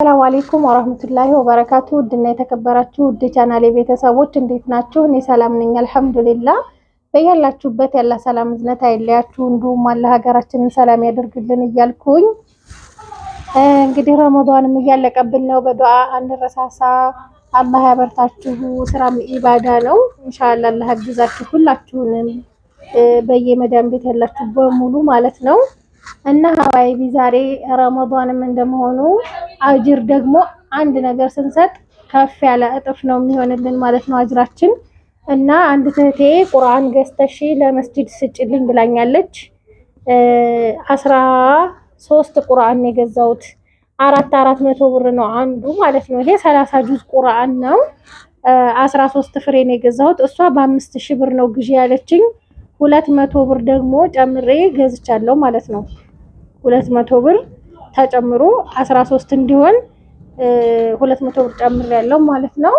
ሰላም አሌይኩም ወራህመቱላሂ ወበረካቱ። ውድና የተከበራችሁ ውድ ቻናሌ ቤተሰቦች እንዴት ናችሁ? እኔ ሰላም ነኝ አልሐምዱሊላ። በያላችሁበት ያላ ሰላም እዝነት አይለያችሁ፣ እንዲሁም አለ ሀገራችንን ሰላም ያደርግልን እያልኩኝ እንግዲህ ረመዷንም እያለቀብን ነው። በዱዓ አንረሳሳ። አላህ ያበርታችሁ። ስራም ኢባዳ ነው። ኢንሻአላ አላህ ያግዛችሁ ሁላችሁንም በየመዳን ቤት ያላችሁ በሙሉ ማለት ነው እና ሀባይቢ ዛሬ ረመዷንም እንደመሆኑ አጅር ደግሞ አንድ ነገር ስንሰጥ ከፍ ያለ እጥፍ ነው የሚሆንልን ማለት ነው አጅራችን። እና አንድ እህቴ ቁርአን ገዝተሽ ለመስጂድ ስጭልኝ ብላኛለች። አስራ ሶስት ቁርአን ነው የገዛሁት። አራት አራት መቶ ብር ነው አንዱ ማለት ነው። ይሄ ሰላሳ ጁዝ ቁርአን ነው። አስራ ሶስት ፍሬ ነው የገዛሁት። እሷ በአምስት ሺህ ብር ነው ግዢ ያለችኝ። ሁለት መቶ ብር ደግሞ ጨምሬ ገዝቻለሁ ማለት ነው ሁለት መቶ ብር ተጨምሮ 13 እንዲሆን 200 ብር ጨምር ያለው ማለት ነው።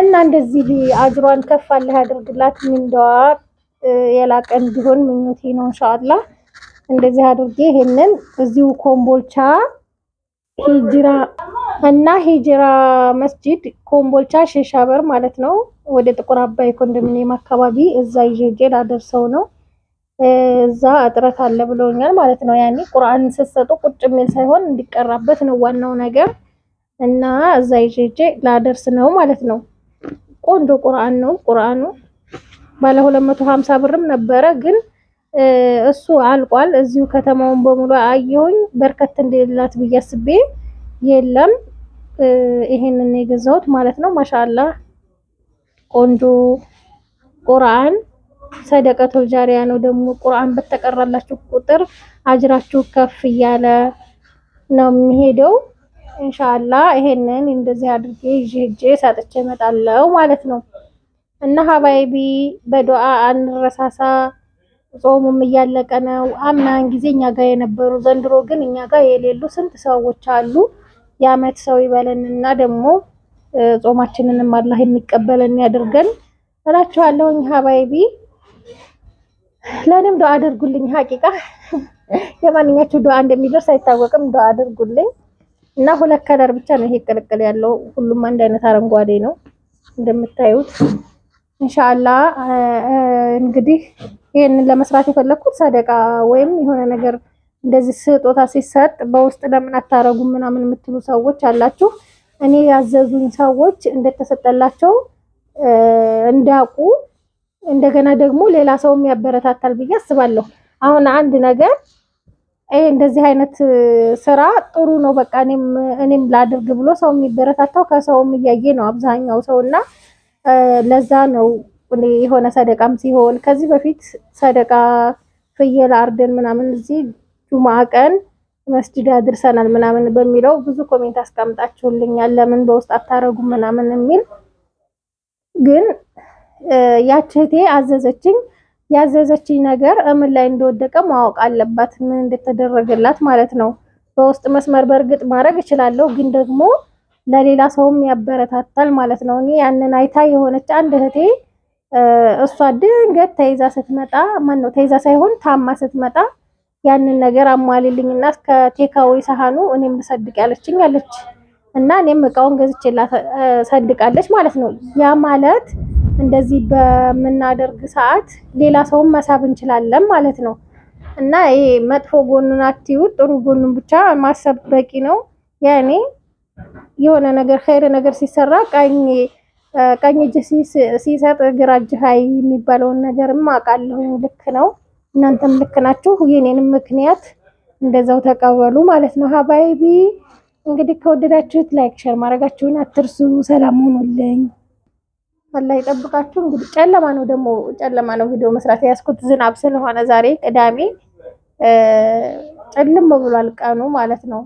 እና እንደዚህ አጅሯን ከፍ አለ ያድርግላት። ምንደዋ የላቀ እንዲሆን ምኞቴ ነው። ኢንሻአላህ እንደዚህ አድርጌ ይሄንን እዚሁ ኮምቦልቻ ሂጅራ እና ሂጅራ መስጂድ ኮምቦልቻ ሸሻበር ማለት ነው። ወደ ጥቁር አባይ ኮንዶሚኒየም አካባቢ እዛ ይዤ ላደርሰው ነው። እዛ እጥረት አለ ብሎኛል ማለት ነው። ያኔ ቁርአን ስትሰጡ ቁጭ የሚል ሳይሆን እንዲቀራበት ነው ዋናው ነገር እና እዛ ይጄጄ ላደርስ ነው ማለት ነው። ቆንጆ ቁርአን ነው ቁርአኑ ባለ 250 ብርም ነበረ ግን እሱ አልቋል። እዚሁ ከተማውን በሙሉ አየሁኝ። በርከት እንደሌላት ብዬ አስቤ የለም ይሄንን የገዛሁት ማለት ነው። ማሻአላ ቆንጆ ቁርአን ሰደቀተል ጃሪያ ነው። ደግሞ ቁርአን በተቀራላችሁ ቁጥር አጅራችሁ ከፍ እያለ ነው የሚሄደው። እንሻላ ይሄንን እንደዚህ አድርጌ ይዤ ሄጄ እመጣለሁ ማለት ነው። እና ሀባይቢ በዱዓ አንረሳሳ። ጾሙም እያለቀ ነው። አምናን ጊዜ እኛ ጋር የነበሩ ዘንድሮ ግን እኛ ጋር የሌሉ ስንት ሰዎች አሉ። የአመት ሰው ይበለንና ደግሞ ጾማችንንም አላህ የሚቀበለን ያድርገን እላችኋለሁ ሀባይቢ ለእኔም ዶ አድርጉልኝ። ሀቂቃ የማንኛቸው ዶ እንደሚደርስ አይታወቅም። ዶ አድርጉልኝ እና ሁለት ከለር ብቻ ነው ይሄ ቅልቅል ያለው። ሁሉም አንድ አይነት አረንጓዴ ነው እንደምታዩት። እንሻላ እንግዲህ ይህንን ለመስራት የፈለግኩት ሰደቃ ወይም የሆነ ነገር እንደዚህ ስጦታ ሲሰጥ በውስጥ ለምን አታረጉ ምናምን የምትሉ ሰዎች አላችሁ። እኔ ያዘዙኝ ሰዎች እንደተሰጠላቸው እንዳቁ እንደገና ደግሞ ሌላ ሰውም ያበረታታል ብዬ አስባለሁ። አሁን አንድ ነገር ይሄ እንደዚህ አይነት ስራ ጥሩ ነው፣ በቃ እኔም እኔም ላድርግ ብሎ ሰው የሚበረታታው ከሰውም እያየ ነው አብዛኛው ሰውና ለዛ ነው የሆነ ሰደቃም ሲሆን ከዚህ በፊት ሰደቃ ፍየል አርደን ምናምን እዚህ ጁማ ቀን መስጅድ አድርሰናል ምናምን በሚለው ብዙ ኮሜንት አስቀምጣችሁልኛል። ለምን በውስጥ አታረጉ ምናምን የሚል ግን ያችህቴ አዘዘችኝ። ያዘዘችኝ ነገር እምን ላይ እንደወደቀ ማወቅ አለባት፣ ምን እንደተደረገላት ማለት ነው። በውስጥ መስመር በእርግጥ ማድረግ እችላለሁ፣ ግን ደግሞ ለሌላ ሰውም ያበረታታል ማለት ነው። እኔ ያንን አይታ የሆነች አንድ እህቴ እሷ ድንገት ተይዛ ስትመጣ ነው ተይዛ ሳይሆን ታማ ስትመጣ ያንን ነገር አሟልልኝና እስከ ቴካዊ ሰሃኑ እኔም ልሰድቅ ያለችኝ አለች እና እኔም እቃውን ገዝቼላ ሰድቃለች ማለት ነው ያ ማለት እንደዚህ በምናደርግ ሰዓት ሌላ ሰውን መሳብ እንችላለን ማለት ነው። እና ይሄ መጥፎ ጎኑን አትዩት፣ ጥሩ ጎኑን ብቻ ማሰብ በቂ ነው። ያኔ የሆነ ነገር ኸይር ነገር ሲሰራ ቀኝ ቀኝ እጅ ሲሰጥ ግራ እጅ ሀይ የሚባለውን ነገርም አውቃለሁ። ልክ ነው፣ እናንተም ልክ ናችሁ። የኔንም ምክንያት እንደዛው ተቀበሉ ማለት ነው። ሀባይቢ እንግዲህ ከወደዳችሁት ላይክ ሸር ማድረጋችሁን አትርሱ። ሰላም ሆኖልኝ አላህ ይጠብቃችሁ። እንግዲህ ጨለማ ነው ደግሞ ጨለማ ነው ቪዲዮ መስራት ያስኩት ዝናብ ስለሆነ ዛሬ ቅዳሜ ጨልም ብሏል ቀኑ ማለት ነው።